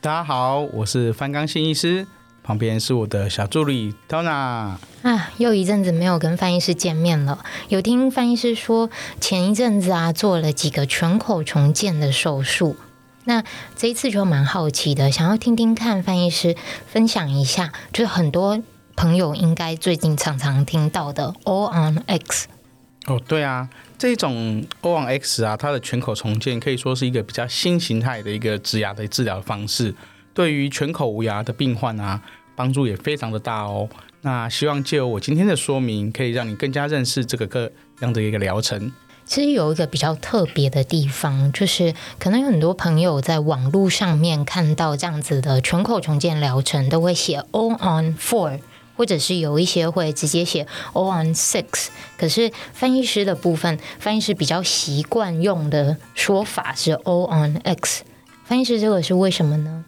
大家好，我是范綱信醫師，旁邊是我的小助理 Tona。啊，又一陣子沒有跟范醫師見面了。有聽范醫師說，前一陣子啊做了幾個全口重建的手術。那這一次就蠻好奇的，想要聽聽看范醫師分享一下，就是很多朋友應該最近常常聽到的 All on X。哦，對啊，這種 All-On-X 啊，它的全口重建可以說是一個比較新形態的一個植牙的治療方式，對於全口無牙的病患啊，幫助也非常的大哦。那希望借由我今天的說明，可以讓你更加認識這個各樣的一個療程。其實有一個比較特別的地方，就是可能有很多朋友在網絡上面看到這樣子的全口重建療程，都會寫 All-On-4。或者是有一些會直接寫、all、on six。可是范醫師的部分，范醫師比較習慣用的說法是 all on x。范醫師這個是為什麼呢？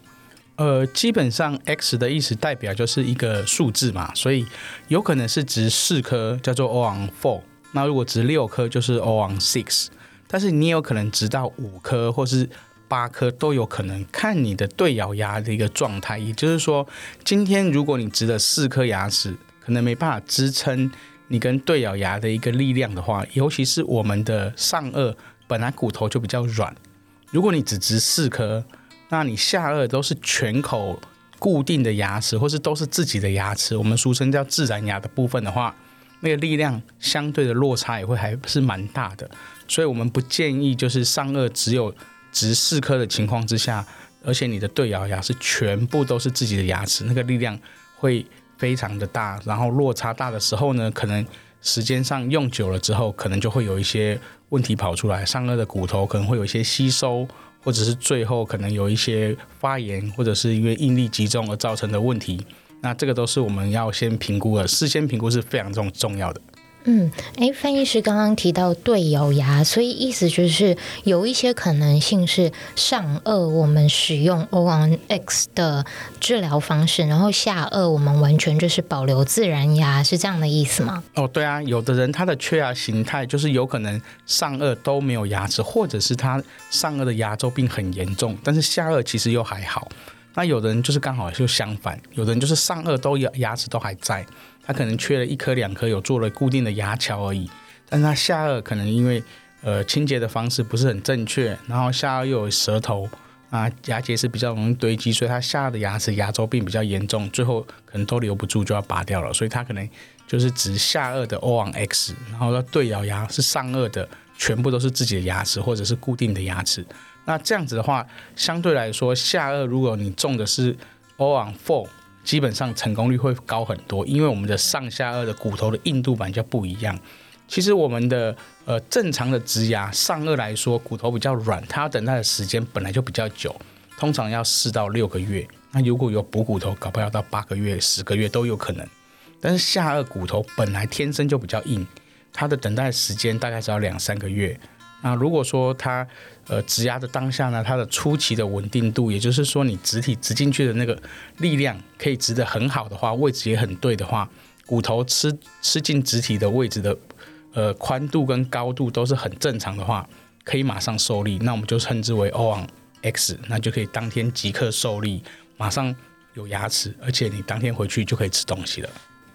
呃，基本上 x 的意思代表就是一個數字嘛，所以有可能是植四顆叫做 all on four，那如果植六顆就是 all on six，但是你有可能植到五顆或是。八顆都有可能看你的對咬牙的一個狀態，也就是說，今天如果你植了四顆牙齒，可能沒辦法支撐你跟對咬牙的一個力量的話，尤其是我們的上顎本來骨頭就比較軟，如果你只植四顆，那你下顎都是全口固定的牙齒，或是都是自己的牙齒，我們俗稱叫自然牙的部分的話，那個力量相對的落差也會還是蠻大的，所以我們不建議就是上顎只有。植四顆的情況之下，而且你的對咬牙是全部都是自己的牙齒，那個力量會非常的大。然後落差大的時候呢，可能時間上用久了之後，可能就會有一些問題跑出來。上顎的骨頭可能會有一些吸收，或者是最後可能有一些發炎，或者是因為應力集中而造成的問題。那這個都是我們要先評估的，事先評估是非常重重要的。嗯，哎，范醫師剛剛提到對咬牙，所以意思就是有一些可能性是上顎我們使用 All-On-X 的治療方式，然後下顎我們完全就是保留自然牙，是這樣的意思嗎？哦，對啊，有的人他的缺牙形態就是有可能上顎都沒有牙齒，或者是他上顎的牙周病很嚴重，但是下顎其實又還好。那有的人就是剛好就相反，有的人就是上顎都牙齒都還在，他可能缺了一顆兩顆，有做了固定的牙橋而已。但是他下顎可能因為呃清潔的方式不是很正確，然後下顎又有舌頭，啊牙結石比較容易堆積，所以他下顎的牙齒的牙周病比較嚴重，最後可能都留不住就要拔掉了。所以他可能就是指下顎的 All-On-X，然後要對咬牙是上顎的全部都是自己的牙齒或者是固定的牙齒。那這樣子的話，相對來說，下顎如果你種的是 All on Four，基本上成功率會高很多，因為我們的上下顎的骨頭的硬度本來就不一樣。其實我們的呃正常的植牙，上顎來說骨頭比較軟，它要等待的時間本來就比較久，通常要四到六個月。那如果有補骨頭，搞不好要到八個月、十個月都有可能。但是下顎骨頭本來天生就比較硬，它的等待的時間大概只要兩三個月。那如果說它，呃，植牙的當下呢，它的初期的穩定度，也就是說你植體植進去的那個力量可以植得很好的話，位置也很對的話，骨頭吃吃進植體的位置的，呃，寬度跟高度都是很正常的話，可以馬上受力，那我們就稱之為 All-On-X，那就可以當天即刻受力，馬上有牙齒，而且你當天回去就可以吃東西了。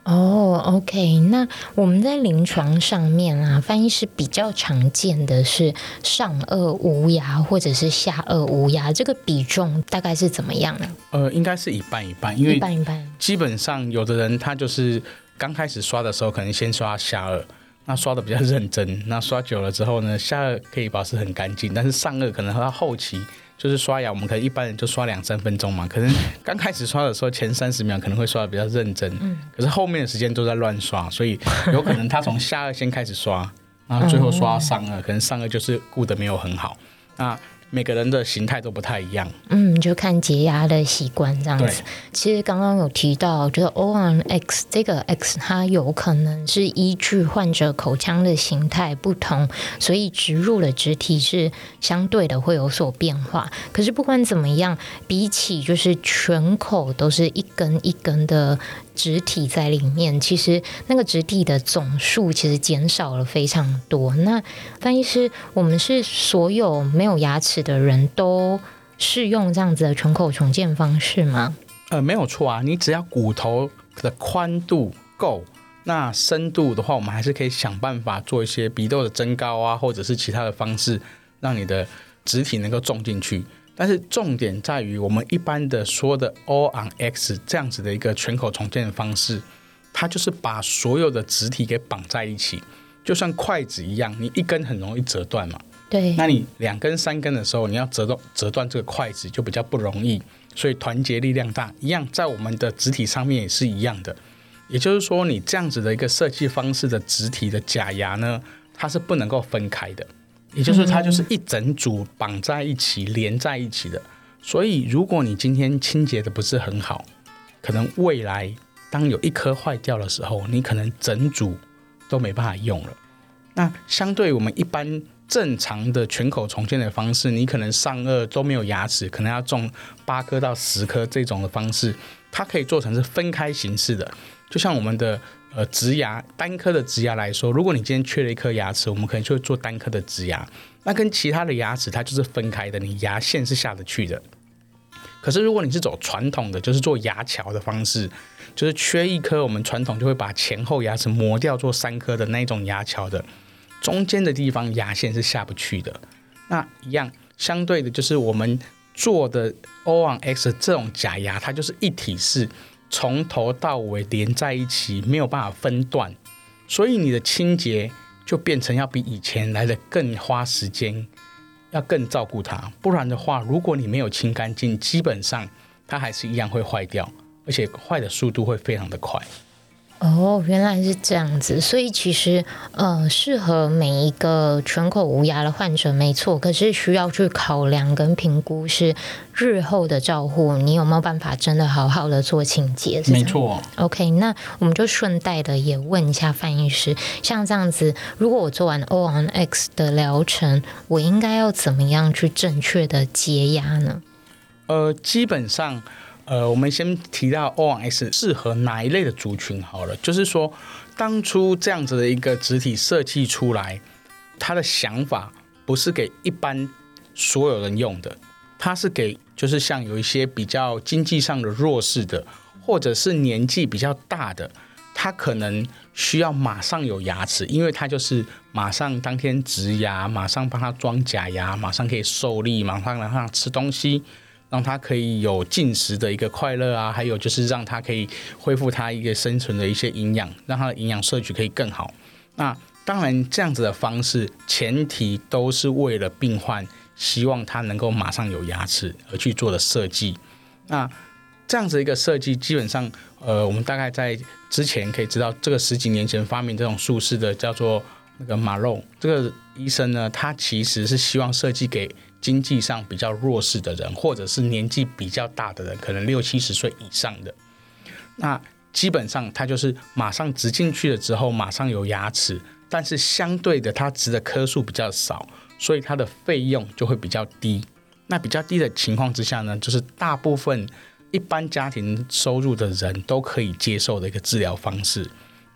哦，oh，OK，那我們在臨床上面啊，范醫師是比較常見的是上顎無牙或者是下顎無牙，這個比重大概是怎麼樣呢？呃，應該是一半一半，因為一半一半，基本上有的人他就是剛開始刷的時候可能先刷下顎，那刷的比較認真，那刷久了之後呢，下顎可以保持很乾淨，但是上顎可能他後期。就是刷牙，我們可能一般人就刷兩三分鐘嘛。可能剛開始刷的時候，前三十秒可能會刷得比較認真，嗯，可是後面的時間都在亂刷，所以有可能他從下顎先開始刷， 然後最後刷上顎，嗯，可能上顎就是顧得沒有很好，那。每個人的形態都不太一樣，嗯，就看潔牙的習慣這樣子。對其實剛剛有提到，就是 All-on-X 這個 X，它有可能是依據患者口腔的形態不同，所以植入的植體是相對的會有所變化。可是不管怎麼樣，比起就是全口都是一根一根的，植體在裡面，其實那個植體的總數其實減少了非常多。那范醫師，我們是所有沒有牙齒的人都適用這樣子的全口重建方式嗎？呃，沒有錯啊，你只要骨頭的寬度夠，那深度的話，我們還是可以想辦法做一些鼻竇的增高啊，或者是其他的方式，讓你的植體能夠種進去。但是重點在於，我們一般的說的 All on X 這樣子的一個全口重建的方式，它就是把所有的植體給綁在一起，就像筷子一樣，你一根很容易折斷嘛。對，那你兩根三根的時候，你要折斷折斷這個筷子就比較不容易。所以團結力量大，一樣在我們的植體上面也是一樣的。也就是說，你這樣子的一個設計方式的植體的假牙呢，它是不能夠分開的。也就是它就是一整組綁在一起、連在一起的，所以如果你今天清潔的不是很好，可能未來當有一顆壞掉的時候，你可能整組都沒辦法用了。那相對我們一般正常的全口重建的方式，你可能上顎都沒有牙齒，可能要種八顆到十顆這種的方式。它可以做成是分開形式的，就像我們的呃，植牙單顆的植牙來說，如果你今天缺了一顆牙齒，我們可能就會做單顆的植牙，那跟其他的牙齒它就是分開的，你牙線是下得去的。可是如果你是走傳統的，就是做牙橋的方式，就是缺一顆，我們傳統就會把前後牙齒磨掉做三顆的那一種牙橋的，中間的地方牙線是下不去的。那一樣，相對的就是我們。做的 All-On-X 這種假牙，它就是一體式，從頭到尾連在一起，沒有辦法分段，所以你的清潔就變成要比以前來的更花時間，要更照顧它。不然的話，如果你沒有清乾淨，基本上它還是一樣會壞掉，而且壞的速度會非常的快。哦，原來是這樣子，所以其實，呃，適合每一個全口無牙的患者，沒錯。可是需要去考量跟評估是日後的照護，你有沒有辦法真的好好的做清潔？沒錯、哦。OK，那我們就順帶的也問一下范醫師，像這樣子，如果我做完 All-on-X 的療程，我應該要怎麼樣去正確的潔牙呢？呃，基本上。呃，我們先提到 All-On-X 適合哪一類的族群好了，就是說當初這樣子的一個植體設計出來，他的想法不是給一般所有人用的，他是給就是像有一些比較經濟上的弱勢的，或者是年紀比較大的，他可能需要馬上有牙齒，因為他就是馬上當天植牙，馬上幫他裝假牙，馬上可以受力，馬上讓他吃東西。讓他可以有進食的一個快樂啊，還有就是讓他可以恢復他一個生存的一些營養，讓他的營養攝取可以更好。那當然，這樣子的方式前提都是為了病患，希望他能夠馬上有牙齒而去做的設計。那這樣子一個設計，基本上，呃，我們大概在之前可以知道，這個十幾年前發明這種術式的叫做那個馬肉，這個醫生呢，他其實是希望設計給。經濟上比較弱勢的人，或者是年紀比較大的人，可能六七十歲以上的，那基本上他就是馬上植進去了之後，馬上有牙齒，但是相對的，他植的顆數比較少，所以他的費用就會比較低。那比較低的情況之下呢，就是大部分一般家庭收入的人都可以接受的一個治療方式。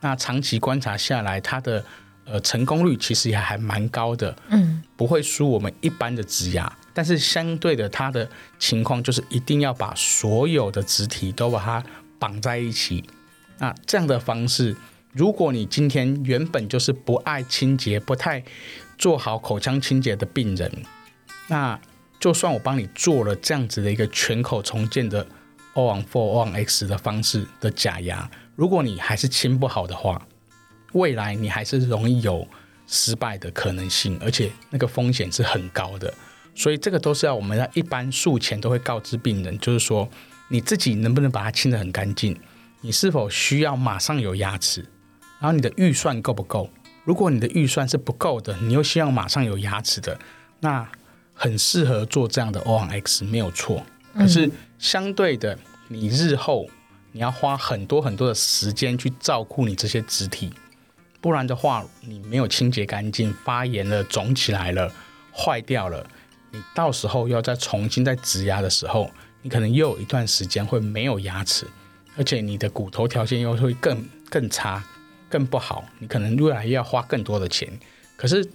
那長期觀察下來，他的。呃，成功率其實也還還蠻高的，嗯，不會輸我們一般的植牙，但是相對的，它的情況就是一定要把所有的植體都把它綁在一起。那這樣的方式，如果你今天原本就是不愛清潔、不太做好口腔清潔的病人，那就算我幫你做了這樣子的一個全口重建的 All-on-four、All-on-x 的方式的假牙，如果你還是清不好的話，未來你還是容易有失敗的可能性，而且那個風險是很高的，所以這個都是要我們在一般術前都會告知病人，就是說你自己能不能把它清得很乾淨，你是否需要馬上有牙齒，然後你的預算夠不夠？如果你的預算是不夠的，你又希望馬上有牙齒的，那很適合做這樣的 All-On-X 沒有錯，可是相對的，你日後你要花很多很多的時間去照顧你這些植體。不然的話，你沒有清潔乾淨，發炎了、腫起來了、壞掉了，你到時候要再重新再植牙的時候，你可能又有一段時間會沒有牙齒，而且你的骨頭條件又會更更差、更不好，你可能未來又要花更多的錢。可是，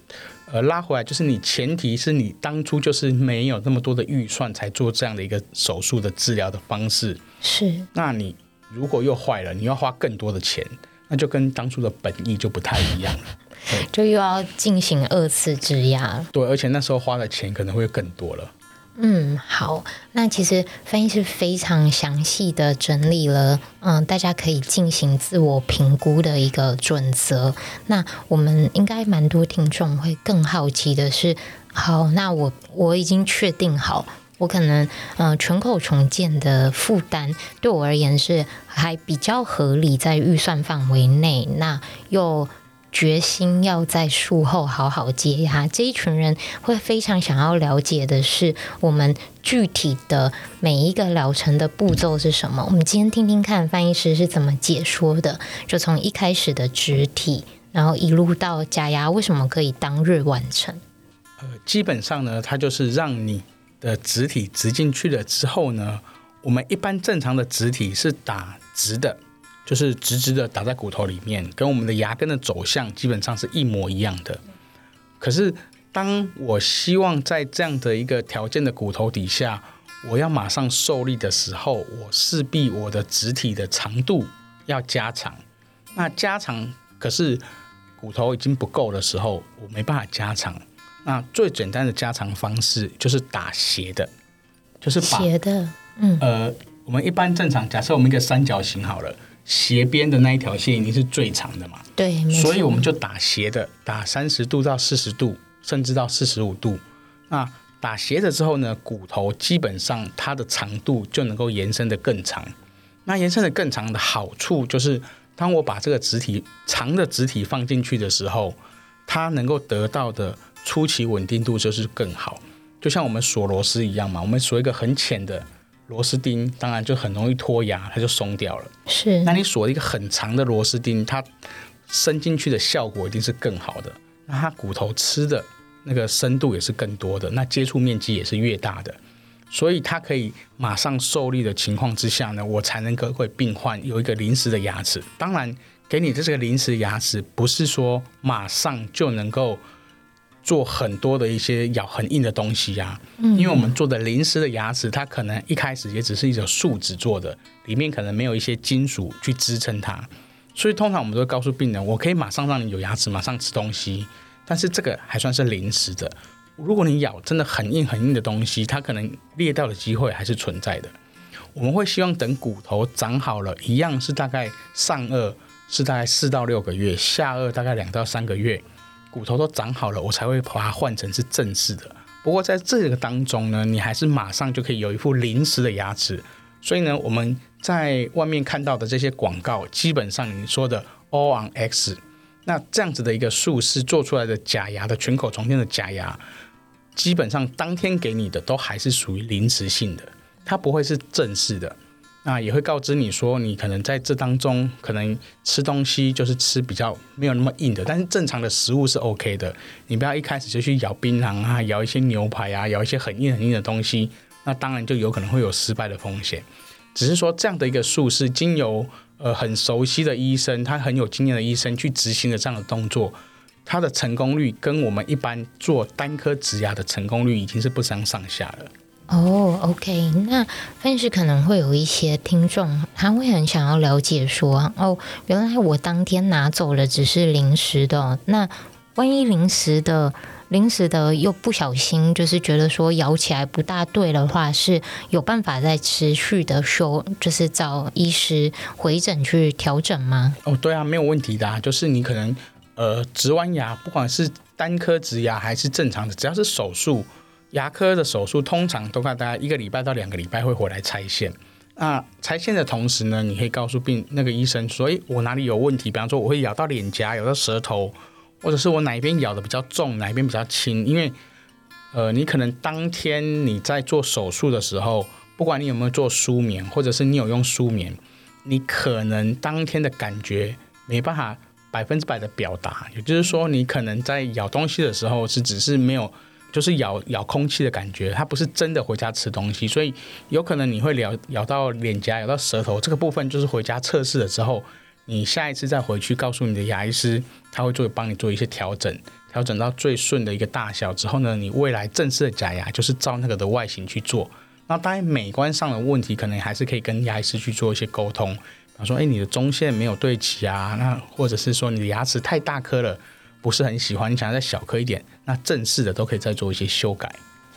呃，拉回來就是你前提是你當初就是沒有那麼多的預算才做這樣的一個手術的治療的方式，是。那你如果又壞了，你要花更多的錢。那就跟當初的本意就不太一樣了，就又要進行二次植牙。對，而且那時候花的錢可能會更多了。嗯，好，那其實范醫師是非常詳細的整理了，嗯，大家可以進行自我評估的一個準則。那我們應該蠻多聽眾會更好奇的是，好，那我我已經確定好。我可能，呃，全口重建的負擔對我而言是還比較合理，在預算範圍內。那又決心要在術後好好接牙，這一群人會非常想要了解的是我們具體的每一個療程的步驟是什麼。我們今天聽聽看范醫師是怎麼解說的，就從一開始的植體，然後一路到假牙，為什麼可以當日完成？呃，基本上呢，它就是讓你。的植體植進去了之後呢，我們一般正常的植體是打直的，就是直直的打在骨頭裡面，跟我們的牙根的走向基本上是一模一樣的。可是，當我希望在這樣的一個條件的骨頭底下，我要馬上受力的時候，我勢必我的植體的長度要加長。那加長，可是骨頭已經不夠的時候，我沒辦法加長。那最簡單的加長方式就是打斜的，就是把斜的，嗯，呃，我們一般正常，假設我們一個三角形好了，斜邊的那一條線已經是最長的嘛，對，所以我們就打斜的，打三十度到四十度，甚至到四十五度。那打斜的之後呢，骨頭基本上它的長度就能夠延伸得更長。那延伸得更長的好處就是，當我把這個植體長的植體放進去的時候，它能夠得到的。初期穩定度就是更好，就像我們鎖螺絲一樣嘛。我們鎖一個很淺的螺絲釘，當然就很容易脫牙，它就鬆掉了。是。那你鎖一個很長的螺絲釘，它伸進去的效果一定是更好的。那它骨頭吃的那個深度也是更多的，那接觸面積也是越大的，所以它可以馬上受力的情況之下呢，我才能夠給病患有一個臨時的牙齒。當然，給你的這個臨時牙齒不是說馬上就能夠。做很多的一些咬很硬的東西啊，因為我們做的臨時的牙齒，它可能一開始也只是一種樹脂做的，裡面可能沒有一些金屬去支撐它，所以通常我們都會告訴病人，我可以馬上讓你有牙齒，馬上吃東西，但是這個還算是臨時的。如果你咬真的很硬很硬的東西，它可能裂掉的機會還是存在的。我們會希望等骨頭長好了，一樣是大概上顎是大概四到六個月，下顎大概兩到三個月。骨頭都長好了，我才會把它換成是正式的。不過在這個當中呢，你還是馬上就可以有一副臨時的牙齒。所以呢，我們在外面看到的這些廣告，基本上你說的 All-On-X，那這樣子的一個術式做出來的假牙的全口重建的假牙，基本上當天給你的都還是屬於臨時性的，它不會是正式的。那也會告知你說，你可能在這當中可能吃東西就是吃比較沒有那麼硬的，但是正常的食物是 OK 的。你不要一開始就去咬檳榔啊，咬一些牛排啊，咬一些很硬很硬的東西，那當然就有可能會有失敗的風險。只是說這樣的一個術式，經由呃很熟悉的醫生，他很有經驗的醫生去執行的這樣的動作，它的成功率跟我們一般做單顆植牙的成功率已經是不相上下了。哦、OK，那但是可能會有一些聽眾，他會很想要了解說，哦，原來我當天拿走了只是臨時的，那萬一臨時的、臨時的又不小心，就是覺得說咬起來不大對的話，是有辦法再持續的修，就是找醫師回診去調整嗎？哦，對啊，沒有問題的啊，就是你可能呃植完牙，不管是單顆植牙還是正常的，只要是手術。牙科的手術通常都看大概一個禮拜到兩個禮拜會回來拆線。那拆線的同時呢，你可以告訴病那個醫生，所以我哪裡有問題？比方說我會咬到臉頰、咬到舌頭，或者是我哪一邊咬得比較重，哪一邊比較輕？因為，呃，你可能當天你在做手術的時候，不管你有沒有做舒眠，或者是你有用舒眠，你可能當天的感覺沒辦法百分之百的表達。也就是說，你可能在咬東西的時候是只是沒有。就是咬咬空氣的感覺，它不是真的回家吃東西，所以有可能你會咬咬到臉頰、咬到舌頭，這個部分就是回家測試了之後，你下一次再回去告訴你的牙醫師，他會做幫你做一些調整，調整到最順的一個大小之後呢，你未來正式的假牙就是照那個的外形去做。那當然，美觀上的問題可能還是可以跟牙醫師去做一些溝通，比如說，哎、欸，你的中線沒有對齊啊，那或者是說你的牙齒太大顆了。不是很喜歡，你想再小顆一點，那正式的都可以再做一些修改。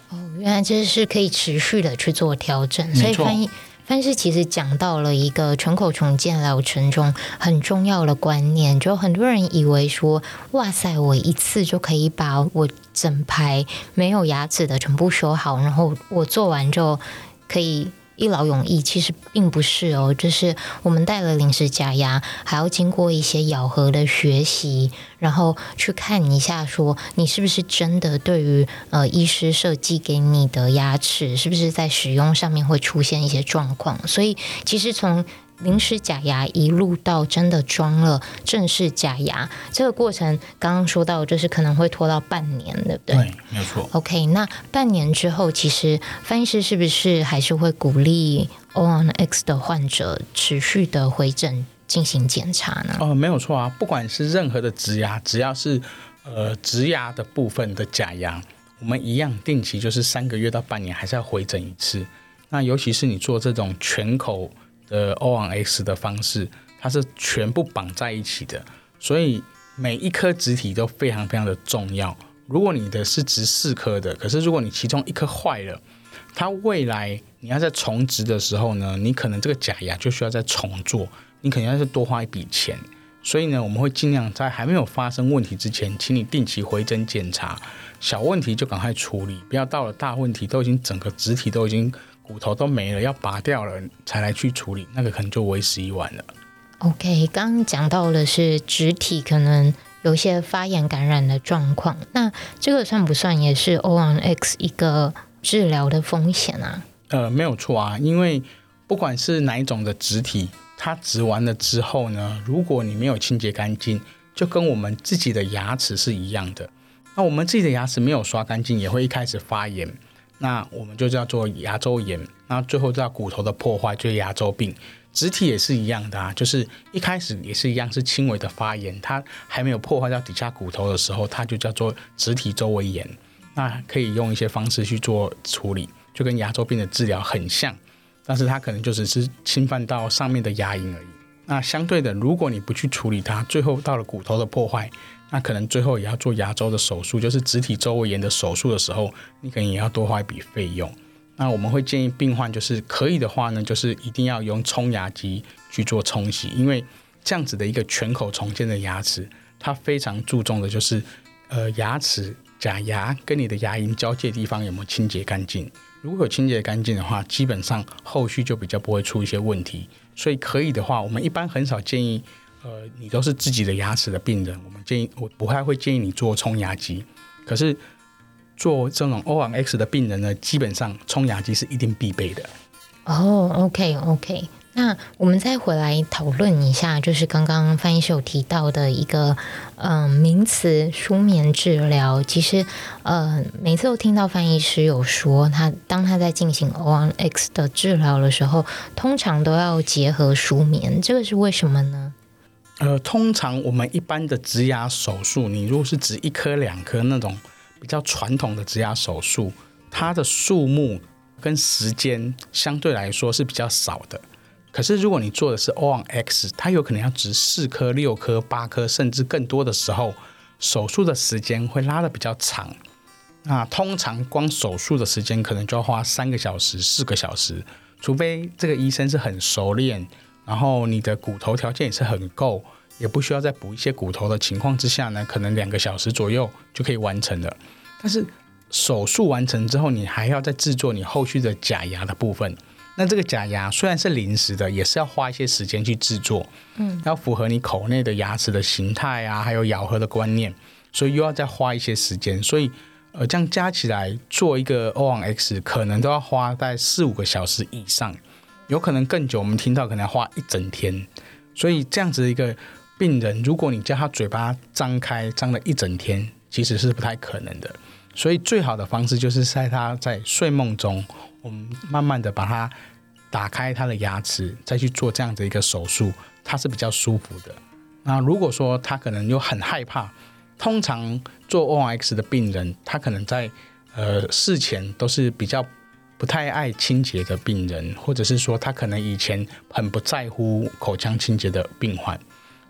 哦，原來這是可以持續的去做調整，錯所以翻譯。但是其實講到了一個全口重建療程中很重要的觀念，就很多人以為說，哇塞，我一次就可以把我整排沒有牙齒的全部修好，然後我做完就可以。一勞永逸，其實並不是哦，就是我們戴了臨時假牙，還要經過一些咬合的學習，然後去看一下說，說你是不是真的對於呃醫師設計給你的牙齒，是不是在使用上面會出現一些狀況？所以其實從。臨時假牙一路到真的裝了正式假牙，這個過程剛剛說到，就是可能會拖到半年，對不對？對，沒有錯。OK，那半年之後，其實范醫師是不是還是會鼓勵 All-On-X 的患者持續的回診進行檢查呢？哦，沒有錯啊，不管是任何的植牙，只要是呃植牙的部分的假牙，我們一樣定期就是三個月到半年還是要回診一次。那尤其是你做這種全口。的 All-on X 的方式，它是全部綁在一起的，所以每一顆植體都非常非常的重要。如果你的是植四顆的，可是如果你其中一顆壞了，它未來你要在重植的時候呢，你可能這個假牙就需要再重做，你可能要是多花一筆錢。所以呢，我們會盡量在還沒有發生問題之前，請你定期回診檢查，小問題就趕快處理，不要到了大問題都已經整個植體都已經。骨頭都沒了，要拔掉了才來去處理，那個可能就為時已晚了。OK，剛剛講到的是植體可能有一些發炎感染的狀況，那這個算不算，也是 All-on-X 一個治療的風險啊？呃，沒有錯啊，因為不管是哪一種的植體，它植完了之後呢，如果你沒有清潔乾淨，就跟我們自己的牙齒是一樣的。那我們自己的牙齒沒有刷乾淨，也會一開始發炎。那我們就叫做牙周炎，那最後到骨頭的破壞就是牙周病。植體也是一樣的啊，就是一開始也是一樣是輕微的發炎，它還沒有破壞到底下骨頭的時候，它就叫做植體周圍炎。那可以用一些方式去做處理，就跟牙周病的治療很像，但是它可能就只是侵犯到上面的牙齦而已。那相對的，如果你不去處理它，最後到了骨頭的破壞。那可能最後也要做牙周的手術，就是植體周圍炎的手術的時候，你可能也要多花一筆費用。那我們會建議病患，就是可以的話呢，就是一定要用沖牙機去做沖洗，因為這樣子的一個全口重建的牙齒，它非常注重的就是，呃，牙齒假牙跟你的牙齦交界的地方有沒有清潔乾淨。如果有清潔乾淨的話，基本上後續就比較不會出一些問題。所以可以的話，我們一般很少建議。呃，你都是自己的牙齒的病人，我們建議我不太會建議你做沖牙機。可是做這種 All-on-X 的病人呢，基本上沖牙機是一定必備的。哦、oh，OK OK，那我們再回來討論一下，就是剛剛范醫師有提到的一個嗯、呃、名詞——舒眠治療。其實，呃，每次都聽到范醫師有說，他當他在進行 All-on-X 的治療的時候，通常都要結合舒眠，這個是為什麼呢？呃，通常我們一般的植牙手術，你如果是植一顆、兩顆那種比較傳統的植牙手術，它的數目跟時間相對來說是比較少的。可是如果你做的是 All-On-X，它有可能要植四顆、六顆、八顆，甚至更多的時候，手術的時間會拉得比較長。那通常光手術的時間可能就要花三個小時、四個小時，除非這個醫生是很熟練。然後你的骨頭條件也是很夠，也不需要再補一些骨頭的情況之下呢，可能兩個小時左右就可以完成的。但是手術完成之後，你還要再製作你後續的假牙的部分。那這個假牙雖然是臨時的，也是要花一些時間去製作，嗯，要符合你口內的牙齒的形態啊，還有咬合的觀念，所以又要再花一些時間。所以，呃，這樣加起來做一個 All-On-X，可能都要花在四五個小時以上。有可能更久，我們聽到可能要花一整天，所以這樣子一個病人，如果你叫他嘴巴張開張了一整天，其實是不太可能的。所以最好的方式就是在他在睡夢中，我們慢慢的把他打開他的牙齒，再去做這樣子一個手術，他是比較舒服的。那如果說他可能又很害怕，通常做 All-on-X 的病人，他可能在呃事前都是比較。不太愛清潔的病人，或者是說他可能以前很不在乎口腔清潔的病患，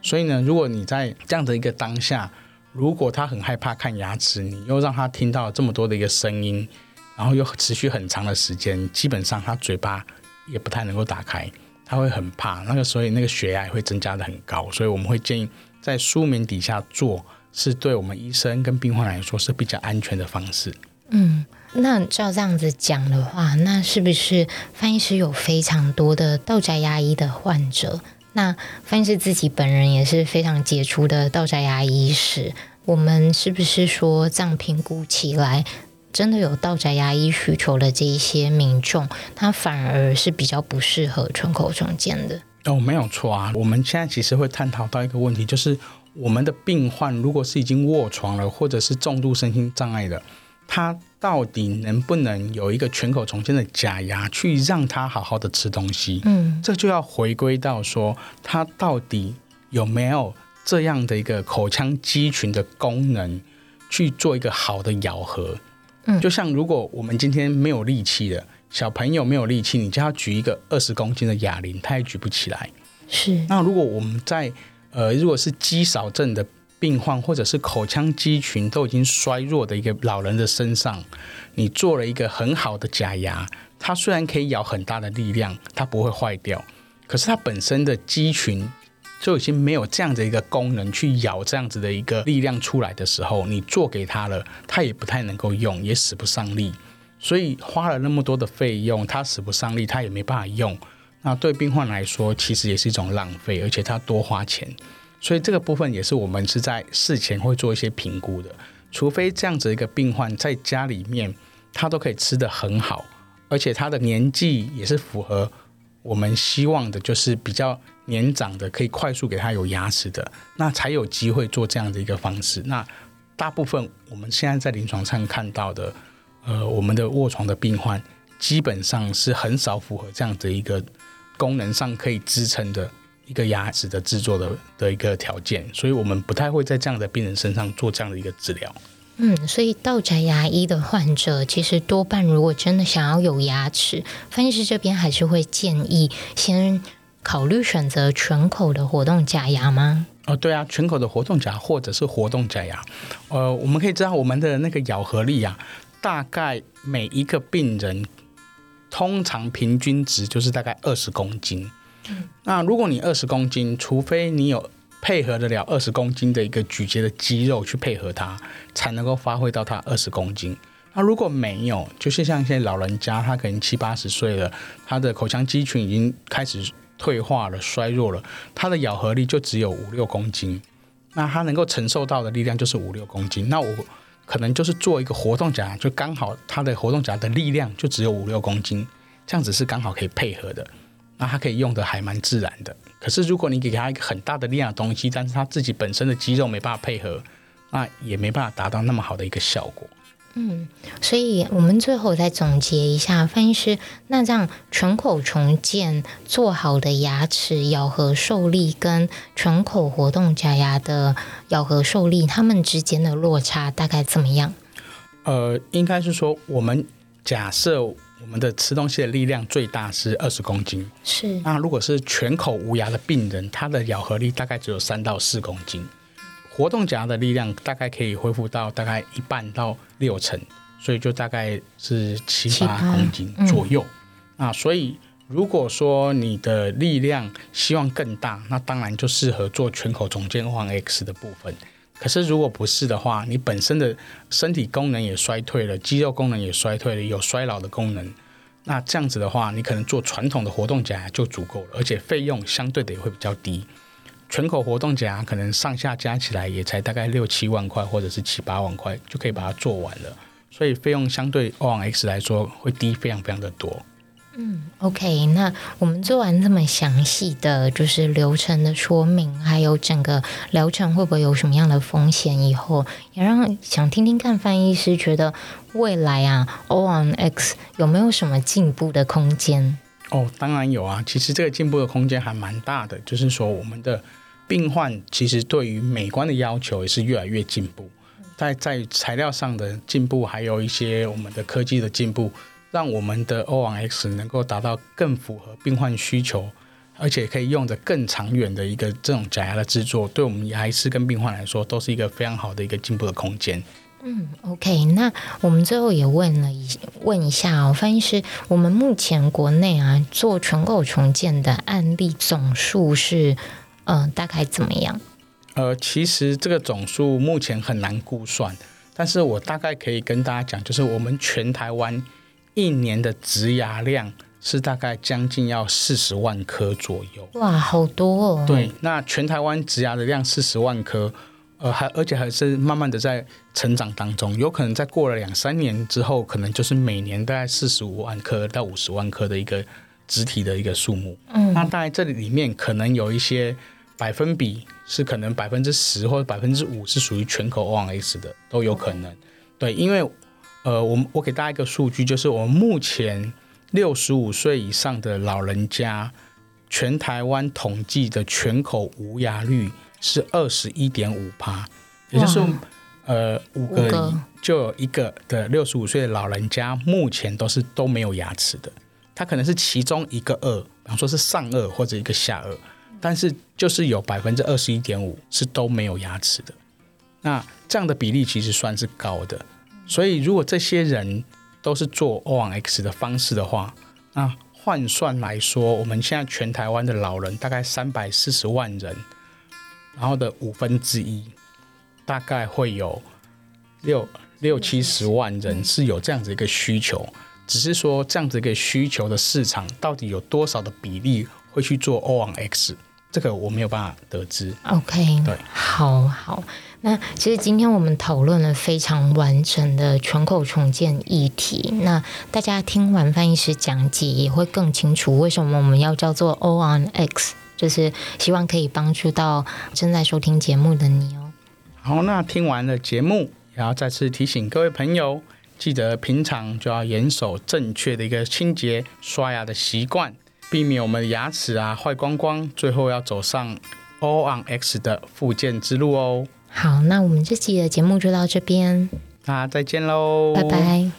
所以呢，如果你在這樣的一個當下，如果他很害怕看牙齒，你又讓他聽到了這麼多的一個聲音，然後又持續很長的時間，基本上他嘴巴也不太能夠打開，他會很怕。那個時候，那個血壓會增加的很高，所以我們會建議在睡眠底下做，是對我們醫生跟病患來說是比較安全的方式。嗯。那照這樣子講的話，那是不是范醫師有非常多的到宅牙醫的患者？那范醫師自己本人也是非常傑出的到宅牙醫師。我們是不是說這樣評估起來，真的有到宅牙醫需求的這一些民眾，他反而是比較不適合全口重建的？哦，沒有錯啊。我們現在其實會探討到一個問題，就是我們的病患如果是已經臥床了，或者是重度身心障礙的，他。到底能不能有一個全口重建的假牙，去讓他好好的吃東西？嗯，這就要回歸到說，他到底有沒有這樣的一個口腔肌群的功能，去做一個好的咬合。嗯，就像如果我們今天沒有力氣的小朋友沒有力氣，你就要舉一個二十公斤的啞鈴，他也舉不起來。是。那如果我們在呃，如果是肌少症的。病患，或者是口腔肌群都已經衰弱的一個老人的身上，你做了一個很好的假牙，它雖然可以咬很大的力量，它不會壞掉，可是它本身的肌群就已經沒有這樣的一個功能去咬這樣子的一個力量出來的時候，你做給他了，他也不太能夠用，也使不上力，所以花了那麼多的費用，他使不上力，他也沒辦法用。那對病患來說，其實也是一種浪費，而且他多花錢。所以這個部分也是我們是在事前會做一些評估的，除非這樣子一個病患在家裡面他都可以吃得很好，而且他的年紀也是符合我們希望的，就是比較年長的可以快速給他有牙齒的，那才有機會做這樣的一個方式。那大部分我們現在在臨床上看到的，呃，我們的臥床的病患基本上是很少符合這樣子一個功能上可以支撐的。一個牙齒的制作的的一個條件，所以我們不太會在這樣的病人身上做這樣的一個治療。嗯，所以到宅牙醫的患者其實多半如果真的想要有牙齒，范醫師這邊還是會建議先考慮選擇全口的活動假牙嗎？哦，對啊，全口的活動假牙或者是活動假牙。呃，我們可以知道我們的那個咬合力呀、啊，大概每一個病人通常平均值就是大概二十公斤。那如果你二十公斤，除非你有配合得了二十公斤的一個咀嚼的肌肉去配合它，才能夠發揮到它二十公斤。那如果沒有，就是像一些老人家，他可能七八十歲了，他的口腔肌群已經開始退化了、衰弱了，他的咬合力就只有五六公斤。那他能夠承受到的力量就是五六公斤。那我可能就是做一個活動假牙，就剛好他的活動假牙的力量就只有五六公斤，這樣子是剛好可以配合的。那他可以用的還蠻自然的，可是如果你給它他一個很大的力量的東西，但是他自己本身的肌肉沒辦法配合，那也沒辦法達到那麼好的一個效果。嗯，所以我們最後再總結一下，范醫師，那這樣全口重建做好的牙齒咬合受力跟全口活動假牙的咬合受力，它們之間的落差大概怎麼樣？呃，應該是說我們假設。我們的吃東西的力量最大是二十公斤。是。那如果是全口無牙的病人，他的咬合力大概只有三到四公斤，活動夾的力量大概可以恢復到大概一半到六成，所以就大概是七八公斤左右。嗯、那所以如果說你的力量希望更大，那當然就適合做全口重建 All-on- X 的部分。可是，如果不是的話，你本身的身體功能也衰退了，肌肉功能也衰退了，有衰老的功能。那這樣子的話，你可能做傳統的活動假牙就足夠了，而且費用相對的也會比較低。全口活動假可能上下加起來也才大概六七萬塊或者是七八萬塊就可以把它做完了，所以費用相對 All-On-X 來說會低非常非常的多。嗯，OK，那我們做完這麼詳細的就是流程的說明，還有整個療程會不會有什麼樣的風險？以後也讓想聽聽看范醫師覺得未來啊，All-On-X 有沒有什麼進步的空間？哦，當然有啊，其實這個進步的空間還蠻大的，就是說我們的病患其實對於美觀的要求也是越來越進步，在、嗯、在材料上的進步，還有一些我們的科技的進步。讓我們的 All-On-X 能夠達到更符合病患需求，而且可以用的更長遠的一個這種假牙的制作，對我們牙醫師跟病患來說都是一個非常好的一個進步的空間。嗯，OK，那我們最後也問了一問一下哦，范醫師，我們目前國內啊做全口重建的案例總數是，嗯、呃，大概怎麼樣？呃，其實這個總數目前很難估算，但是我大概可以跟大家講，就是我們全台灣。一年的植牙量是大概將近要四十萬顆左右，哇，好多哦。對，那全台灣植牙的量四十萬顆，呃，還而且還是慢慢的在成長當中，有可能在過了兩三年之後，可能就是每年大概四十五萬顆到五十萬顆的一個植體的一個數目。嗯，那當然這裡面可能有一些百分比是可能百分之十或者百分之五是屬於全口 All-On-X 的都有可能，嗯、對，因為。呃，我我給大家一個數據，就是我們目前六十五歲以上的老人家，全台灣統計的全口無牙率是二十一點五趴，也就是呃五個、五個就有一個的六十五歲的老人家目前都是都沒有牙齒的，他可能是其中一個顎，比方說是上顎或者一個下顎，但是就是有百分之二十一點五是都沒有牙齒的，那這樣的比例其實算是高的。所以，如果這些人都是做 All-On-X 的方式的話，那換算來說，我們現在全台灣的老人大概三百四十萬人，然後的五分之一，5, 大概會有六六七十萬人是有這樣子一個需求。只是說，這樣子一個需求的市場到底有多少的比例會去做 All-On-X，這個我沒有辦法得知。OK，對，好好。好嗯、其實今天我們討論了非常完整的全口重建議題，那大家聽完范醫師講解，也會更清楚為什麼我們要叫做 All on X，就是希望可以幫助到正在收聽節目的你哦。好，那聽完了節目，也要再次提醒各位朋友，記得平常就要嚴守正確的一個清潔刷牙的習慣，避免我們的牙齒啊壞光光，最後要走上 All on X 的復健之路哦。好，那我們這期的節目就到這邊。那再見嘍，拜拜。